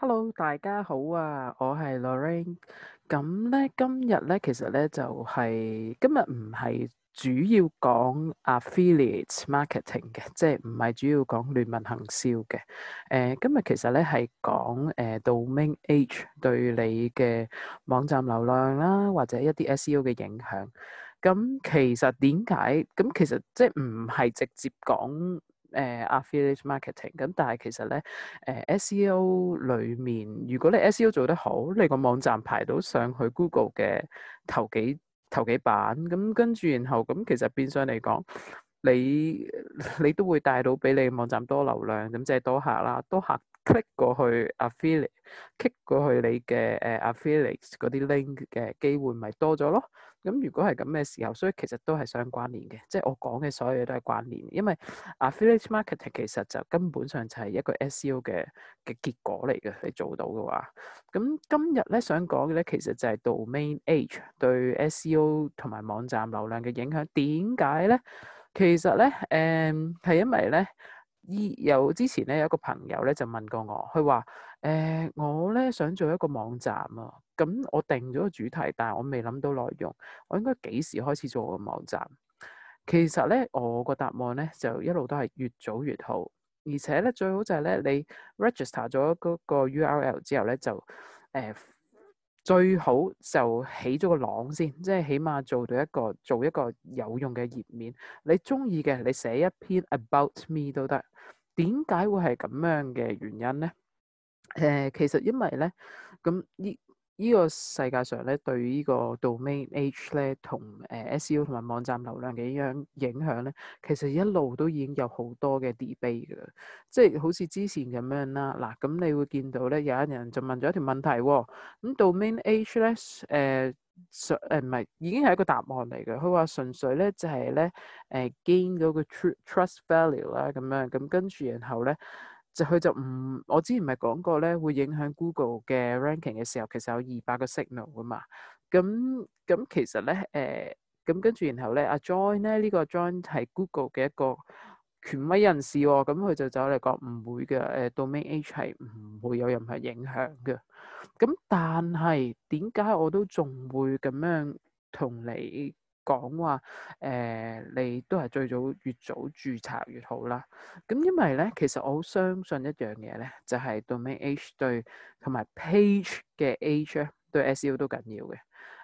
hello，大家好啊，我係 Lorraine，咁咧今日咧其實咧就係今日唔係主要講 Affiliate Marketing 嘅，即係唔係主要講聯盟行銷嘅，誒今日其實咧係講誒 Domain Age 對你嘅網站流量啦或者一啲 SEO 嘅影響，咁其實點解？咁其實即係唔係直接講。誒、uh, affiliate marketing，咁但係其實咧，誒、呃、SEO 裏面，如果你 SEO 做得好，你個網站排到上去 Google 嘅頭幾頭幾版，咁跟住然後咁，其實變相嚟講，你你都會帶到俾你網站多流量，咁即係多客啦，多客 click 過去 affiliate，click 過去你嘅誒 affiliate 嗰啲 link 嘅機會咪多咗咯？咁如果係咁嘅時候，所以其實都係相關聯嘅，即係我講嘅所有嘢都係關聯，因為啊，affiliate marketing 其實就根本上就係一個 SEO 嘅嘅結果嚟嘅，你做到嘅話，咁今日咧想講嘅咧，其實就係 domain age 對 SEO 同埋網站流量嘅影響，點解咧？其實咧，誒係因為咧。依有之前咧，有一個朋友咧就問過我，佢話：誒、呃，我咧想做一個網站啊，咁我定咗個主題，但係我未諗到內容，我應該幾時開始做個網站？其實咧，我個答案咧就一路都係越早越好，而且咧最好就係咧你 register 咗嗰個 URL 之後咧就誒。呃最好就起咗個網先，即係起碼做到一個做一個有用嘅頁面。你中意嘅，你寫一篇 about me 都得。點解會係咁樣嘅原因咧？誒、呃，其實因為咧，咁呢。呢個世界上咧，對個呢個 domain age 咧同誒 SEO 同埋網站流量嘅影響影響咧，其實一路都已經有多好多嘅 debate 㗎啦，即係好似之前咁樣啦。嗱，咁你會見到咧，有一人就問咗一條問題喎。咁 domain age 咧，誒純唔係已經係一個答案嚟嘅。佢話純粹咧就係咧誒 gain 到個 trust value 啦，咁樣咁跟住然後咧。就佢就唔，我之前咪講過咧，會影響 Google 嘅 ranking 嘅時候，其實有二百個 signal 噶嘛。咁、嗯、咁、嗯嗯、其實咧，誒、呃、咁、嗯、跟住然後咧，阿 John 咧呢、呢個 John 係 Google 嘅一個權威人士喎、哦。咁、嗯、佢就走嚟講唔會嘅，誒 d Domain Age 係唔會有任何影響嘅。咁、嗯、但係點解我都仲會咁樣同你？講話誒，你都係最早越早註冊越好啦。咁因為咧，其實我好相信一樣嘢咧，就係 domain age 對同埋 page 嘅 age 對 SEO 都緊要嘅。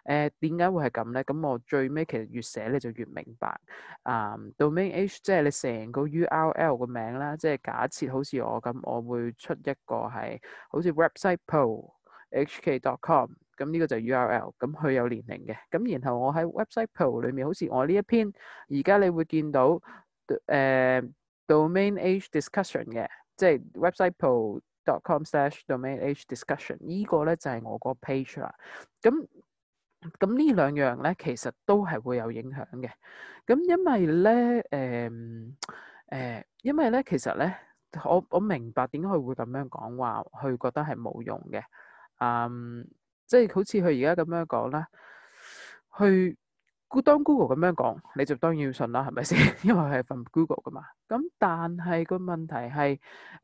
誒，點解會係咁咧？咁我最尾其實越寫咧就越明白。啊，um，domain age 即係你成個 URL 個名啦，即係假設好似我咁，我會出一個係好似 websitepolhk.com。咁呢個就係 URL，咁佢有年齡嘅。咁然後我喺 website pool 裏面，好似我呢一篇，而家你會見到誒、uh, domain age discussion 嘅，即係 website pool dot com slash domain age discussion 呢。就係、呢個咧就係我個 page 啦。咁咁呢兩樣咧，其實都係會有影響嘅。咁因為咧，誒、呃、誒、呃，因為咧，其實咧，我我明白點解佢會咁樣講話，佢覺得係冇用嘅。嗯、um。即係好似佢而家咁樣講啦，去當 Google 咁樣講，你就當然要信啦，係咪先？ 因為係份 Google 噶嘛。咁但係個問題係，誒、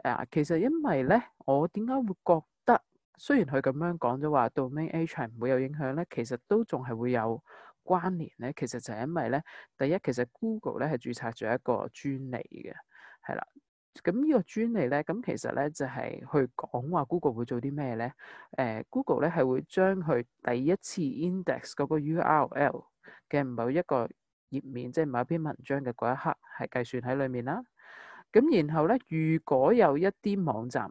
呃，其實因為咧，我點解會覺得，雖然佢咁樣講咗話 Domain Age 唔會有影響咧，其實都仲係會有關聯咧。其實就係因為咧，第一，其實 Google 咧係註冊咗一個專利嘅，係啦。咁呢個專利咧，咁其實咧就係去講話 Google 會做啲咩咧？誒，呃，Google 咧係會將佢第一次 index 嗰個 URL 嘅某一個頁面，即係某一篇文章嘅嗰一刻係計算喺裏面啦。咁然後咧，如果有一啲網站。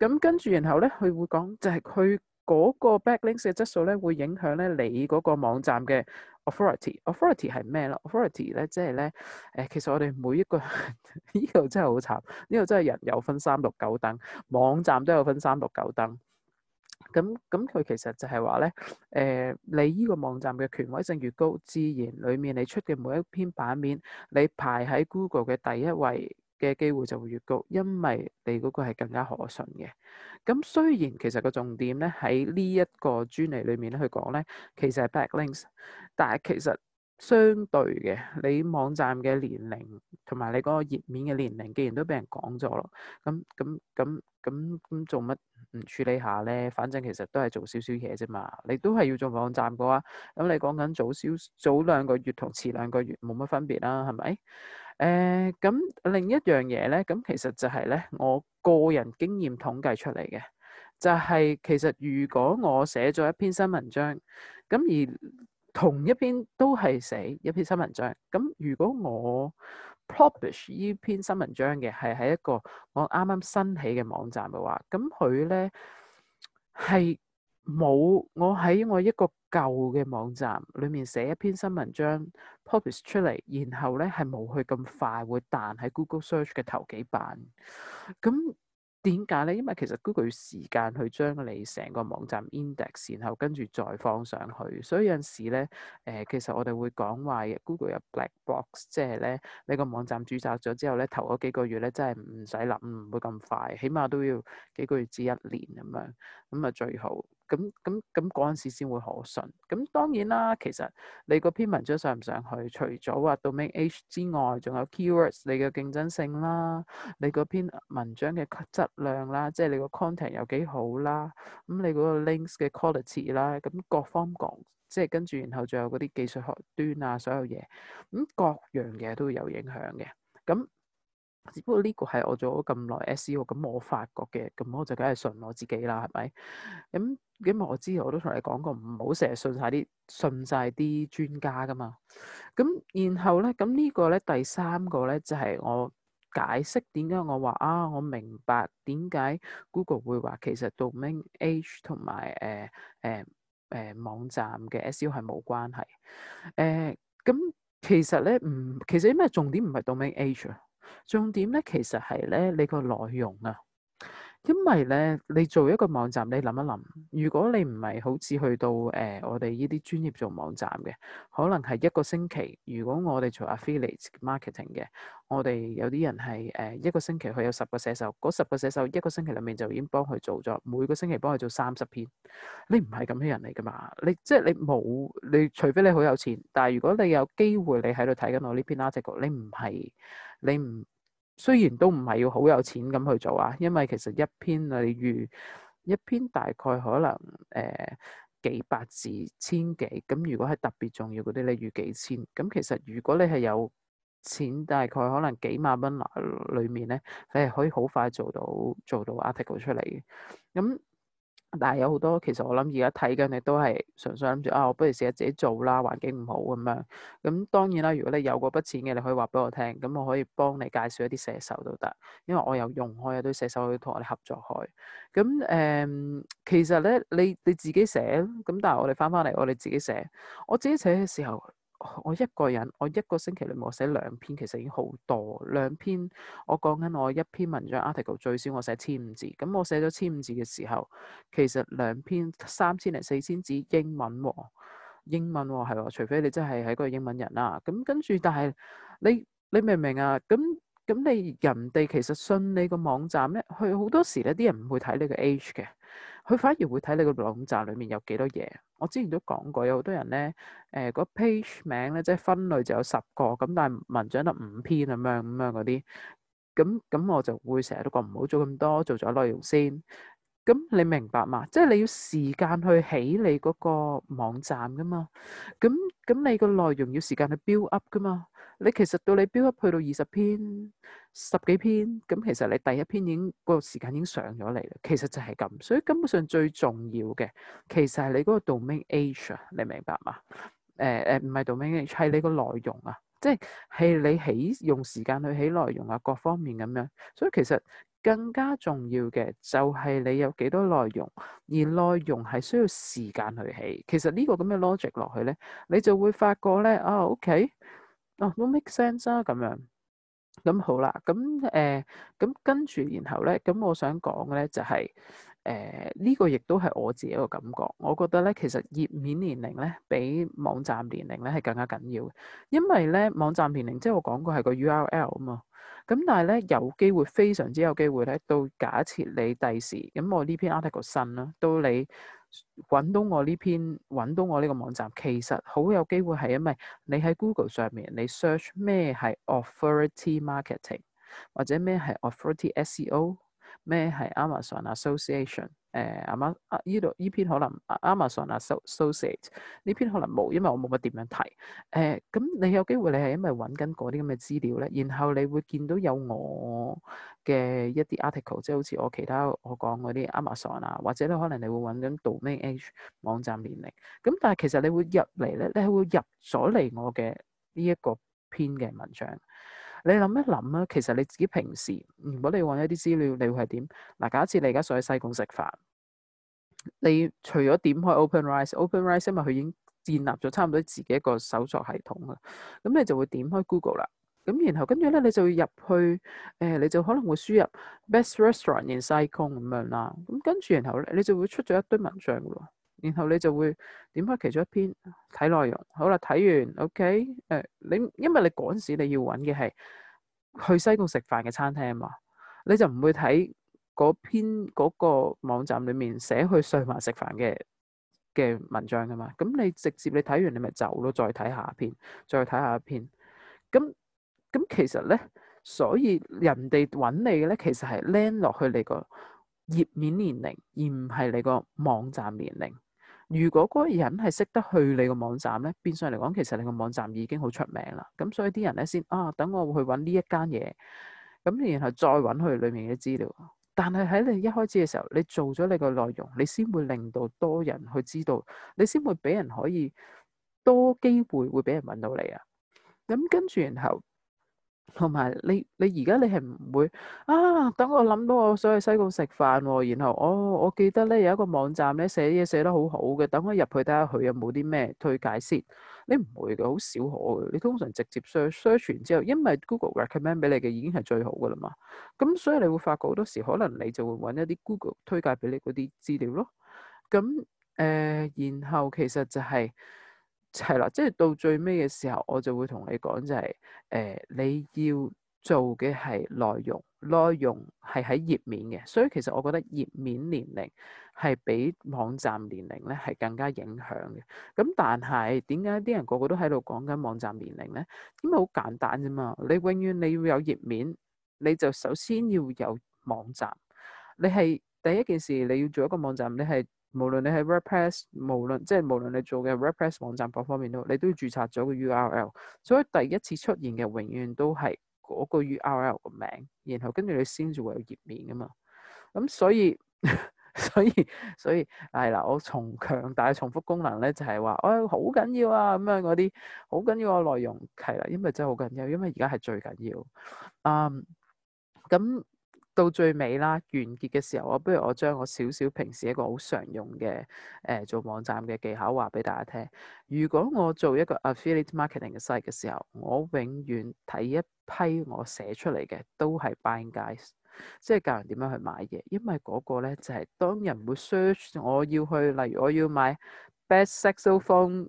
咁跟住，然後咧，佢會講，就係佢嗰個 backlink 嘅質素咧，會影響咧你嗰個網站嘅 author authority。authority 係咩咧？authority 咧，即係咧，誒、呃，其實我哋每一個呢度 真係好慘，呢、這、度、個、真係人有分三六九等，網站都有分三六九等。咁咁，佢其實就係話咧，誒、呃，你呢個網站嘅權威性越高，自然裡面你出嘅每一篇版面，你排喺 Google 嘅第一位嘅機會就會越高，因為你嗰個係更加可信嘅。咁雖然其實個重點咧，喺呢一個專利裏面咧去講咧，其實係 backlinks，但係其實相對嘅你網站嘅年齡同埋你嗰個頁面嘅年齡，既然都俾人講咗咯，咁咁咁咁咁做乜唔處理下咧？反正其實都係做少少嘢啫嘛，你都係要做網站嘅話，咁你講緊早少早兩個月同遲兩個月冇乜分別啦，係咪？誒咁、呃、另一樣嘢咧，咁其實就係咧，我個人經驗統計出嚟嘅，就係、是、其實如果我寫咗一篇新文章，咁而同一篇都係寫一篇新文章，咁如果我 publish 呢篇新文章嘅係喺一個我啱啱新起嘅網站嘅話，咁佢咧係。冇我喺我一個舊嘅網站裏面寫一篇新文章 publish 出嚟，然後咧係冇去咁快會彈喺 Google search 嘅頭幾版。咁點解咧？因為其實 Google 要時間去將你成個網站 index，然後跟住再放上去。所以有陣時咧，誒、呃，其實我哋會講話 Google 有 black box，即係咧你個網站註冊咗之後咧，頭嗰幾個月咧真係唔使諗，唔會咁快，起碼都要幾個月至一年咁樣。咁啊，最好。咁咁咁嗰陣時先會可信。咁當然啦，其實你嗰篇文章上唔上去，除咗話 domain age 之外，仲有 keywords 你嘅競爭性啦，你嗰篇文章嘅質量啦，即係你個 content 有幾好啦，咁你嗰個 links 嘅 quality 啦，咁各方講，即係跟住然後仲有嗰啲技術學端啊，所有嘢，咁各樣嘢都會有影響嘅，咁。只不過呢個係我做咗咁耐 SEO，咁我發覺嘅，咁我就梗係信我自己啦，係咪？咁、嗯、因為我之前我都同你講過，唔好成日信晒啲信晒啲專家噶嘛。咁、嗯、然後咧，咁、嗯、這個、呢個咧第三個咧就係、是、我解釋點解我話啊，我明白點解 Google 會話其實 Domain Age 同埋誒、呃、誒誒、呃呃、網站嘅 SEO 係冇關係。誒咁其實咧唔，其實咩重點唔係 Domain Age 啊？重點咧，其實係咧，你個內容啊。因為咧，你做一個網站，你諗一諗，如果你唔係好似去到誒、呃、我哋呢啲專業做網站嘅，可能係一個星期。如果我哋做 affiliate marketing 嘅，我哋有啲人係誒、呃、一個星期佢有十個寫手，十個寫手一個星期裏面就已經幫佢做咗每個星期幫佢做三十篇。你唔係咁嘅人嚟㗎嘛？你即係、就是、你冇，你除非你好有錢。但係如果你有機會你，你喺度睇緊我呢篇 article，你唔係，你唔。雖然都唔係要好有錢咁去做啊，因為其實一篇例如一篇大概可能誒、呃、幾百字千幾，咁如果係特別重要嗰啲，例如幾千，咁其實如果你係有錢，大概可能幾萬蚊內裏面咧，你係可以好快做到做到 article 出嚟嘅，咁。但係有好多，其實我諗而家睇緊你都係純粹諗住啊，我不如試下自己做啦，環境唔好咁樣。咁當然啦，如果你有嗰筆錢嘅，你可以話俾我聽，咁我可以幫你介紹一啲寫手都得，因為我又用開一堆寫手去同我哋合作開。咁誒、嗯，其實咧你你自己寫，咁但係我哋翻翻嚟我哋自己寫，我自己寫嘅時候。我一個人，我一個星期裏冇我寫兩篇，其實已經好多。兩篇我講緊我一篇文章 article 最少我寫千五字，咁我寫咗千五字嘅時候，其實兩篇三千零四千字英文、哦，英文喎係喎，除非你真係係個英文人啦。咁跟住，但係你你明唔明啊？咁咁你人哋其實信你個網站咧，佢好多時咧啲人唔會睇你個 age 嘅。佢反而會睇你個網站裏面有幾多嘢。我之前都講過，有好多人咧，誒、呃那個、page 名咧，即係分類就有十個，咁但係文章得五篇咁樣咁樣嗰啲，咁咁我就會成日都講唔好做咁多，做咗內容先。咁你明白嘛？即係你要時間去起你嗰個網站噶嘛？咁咁你個內容要時間去 build up 噶嘛？你其實到你標一去到二十篇、十幾篇，咁其實你第一篇已經、嗰個時間已經上咗嚟啦。其實就係咁，所以根本上最重要嘅，其實係你嗰個 domain age 啊，你明白嘛？誒、呃、誒，唔係 domain age，係你個內容啊，即係係你起用時間去起內容啊，各方面咁樣。所以其實更加重要嘅就係你有幾多內容，而內容係需要時間去起。其實這個這呢個咁嘅 logic 落去咧，你就會發覺咧，啊 OK。哦，都 make sense 啊，咁樣，咁好啦，咁誒，咁跟住，然後咧，咁我想講嘅咧，就係誒呢個亦都係我自己一個感覺，我覺得咧，其實頁面年齡咧，比網站年齡咧係更加緊要嘅，因為咧網站年齡即係我講過係個 URL 啊嘛。咁但係咧，有機會，非常之有機會咧，到假設你第時，咁我呢篇 article 新啦，到你揾到我呢篇，揾到我呢個網站，其實好有機會係因為你喺 Google 上面，你 search 咩係 authority marketing 或者咩係 authority SEO。咩係 Amazon Association？誒、呃，阿、啊、媽，依度依篇可能、啊、Amazon Associate 呢篇可能冇，因為我冇乜點樣提。誒、呃，咁你有機會你係因為揾緊嗰啲咁嘅資料咧，然後你會見到有我嘅一啲 article，即係好似我其他我講嗰啲 Amazon 啊，或者咧可能你會揾緊 Domain Age 網站年齡。咁但係其實你會入嚟咧，你係會入咗嚟我嘅呢一個篇嘅文章。你諗一諗啊，其實你自己平時如果你搵一啲資料，你會係點？嗱，假設你而家想去西貢食飯，你除咗點開 Open Rice，Open Rice 因為佢已經建立咗差唔多自己一個搜索系統啊，咁你就會點開 Google 啦，咁然後跟住咧你就會入去，誒、呃、你就可能會輸入 best restaurant in s i 西貢咁樣啦，咁跟住然後咧你就會出咗一堆文章㗎喎。然後你就會點開其中一篇睇內容，好啦，睇完 OK 誒、呃，你因為你趕時，你要揾嘅係去西貢食飯嘅餐廳嘛，你就唔會睇嗰篇嗰、嗰個網站裡面寫去瑞華食飯嘅嘅文章噶嘛。咁你直接你睇完你咪走咯，再睇下篇，再睇下一篇。咁咁其實咧，所以人哋揾你嘅咧，其實係 land 落去你個頁面年齡，而唔係你個網站年齡。如果嗰個人係識得去你個網站咧，變相嚟講，其實你個網站已經好出名啦。咁所以啲人咧先啊，等我去揾呢一間嘢，咁然後再揾佢裏面嘅資料。但係喺你一開始嘅時候，你做咗你個內容，你先會令到多人去知道，你先會俾人可以多機會會俾人揾到你啊。咁跟住然後。同埋你你而家你係唔會啊？等我諗到我想去西貢食飯，然後我、哦、我記得咧有一個網站咧寫嘢寫得好好嘅，等我入去睇下佢有冇啲咩推介先。你唔會嘅，好少可嘅。你通常直接 search search 完之後，因為 Google recommend 俾你嘅已經係最好噶啦嘛。咁所以你會發覺好多時可能你就會揾一啲 Google 推介俾你嗰啲資料咯。咁誒、呃，然後其實就係、是。係啦，即係到最尾嘅時候，我就會同你講、就是，就係誒，你要做嘅係內容，內容係喺頁面嘅，所以其實我覺得頁面年齡係比網站年齡咧係更加影響嘅。咁但係點解啲人個個都喺度講緊網站年齡咧？因為好簡單啫嘛，你永遠你要有頁面，你就首先要有網站。你係第一件事，你要做一個網站，你係。無論你係 WordPress 無論即係無論你做嘅 WordPress 網站，各方面都你都要註冊咗個 URL，所以第一次出現嘅永遠都係嗰個 URL 個名，然後跟住你先至會有頁面噶嘛。咁所以 所以所以係啦，我重強大重複功能咧就係話，誒，好緊要啊，咁樣嗰啲好緊要嘅內容係啦，因為真係好緊要，因為而家係最緊要。嗯，咁。到最尾啦，完結嘅時候，我不如我將我少少平時一個好常用嘅誒、呃、做網站嘅技巧話俾大家聽。如果我做一個 Affiliate Marketing 嘅 site 嘅時候，我永遠睇一批我寫出嚟嘅都係 buying guides 即係教人點樣去買嘢。因為嗰個咧就係、是、當人會 search，我要去，例如我要買 best saxophone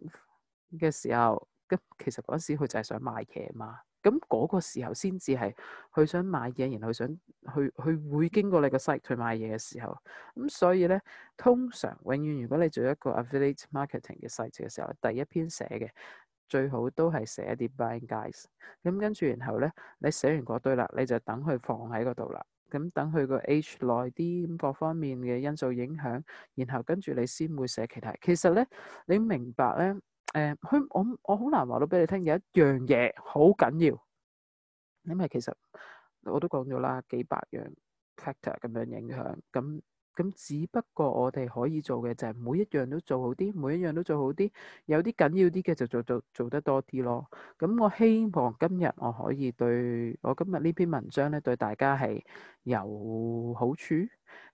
嘅時候，咁其實嗰時佢就係想買嘢嘛。咁嗰個時候先至係佢想買嘢，然後佢想去佢會經過你個 site 去買嘢嘅時候。咁所以咧，通常永遠如果你做一個 affiliate marketing 嘅 site 嘅時候，第一篇寫嘅最好都係寫一啲 buying guides 咁、嗯、跟住然後咧，你寫完嗰堆啦，你就等佢放喺嗰度啦。咁、嗯、等佢個 age 耐啲，咁各方面嘅因素影響，然後跟住你先會寫其他。其實咧，你明白咧。誒，佢、嗯、我我好難話到俾你聽，有一樣嘢好緊要。因為其實我都講咗啦，幾百樣 factor 咁樣影響。咁咁只不過我哋可以做嘅就係每一樣都做好啲，每一樣都做好啲。有啲緊要啲嘅就做做做得多啲咯。咁我希望今日我可以對我今日呢篇文章咧，對大家係有好處。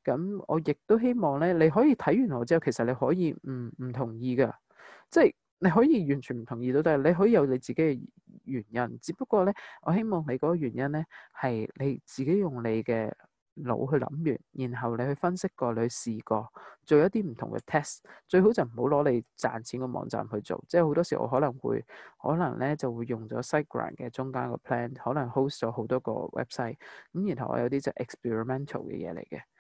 咁我亦都希望咧，你可以睇完我之後，其實你可以唔唔、嗯、同意噶即係。你可以完全唔同意都得，你可以有你自己嘅原因，只不過咧，我希望你嗰個原因咧係你自己用你嘅腦去諗完，然後你去分析過，你去試過做一啲唔同嘅 test，最好就唔好攞你賺錢嘅網站去做，即係好多時候我可能會可能咧就會用咗 Siteground 嘅中間個 plan，可能 host 咗好多個 website，咁然後我有啲就 experimental 嘅嘢嚟嘅。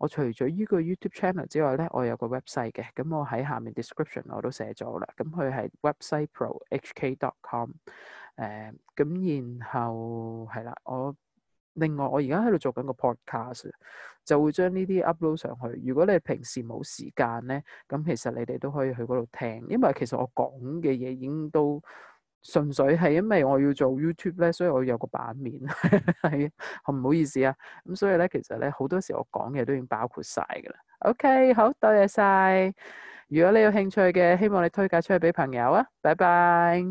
我除咗依個 YouTube channel 之外咧，我有個 website 嘅，咁我喺下面 description 我都寫咗啦。咁佢係 websiteprohk.com，dot 誒、呃，咁然後係啦，我另外我而家喺度做緊個 podcast，就會將呢啲 upload 上去。如果你平時冇時間咧，咁其實你哋都可以去嗰度聽，因為其實我講嘅嘢已經都～純粹係因為我要做 YouTube 咧，所以我有個版面係，好唔 好意思啊，咁所以咧，其實咧好多時我講嘢都已經包括晒噶啦。OK，好，多謝晒。如果你有興趣嘅，希望你推介出去俾朋友啊。拜拜。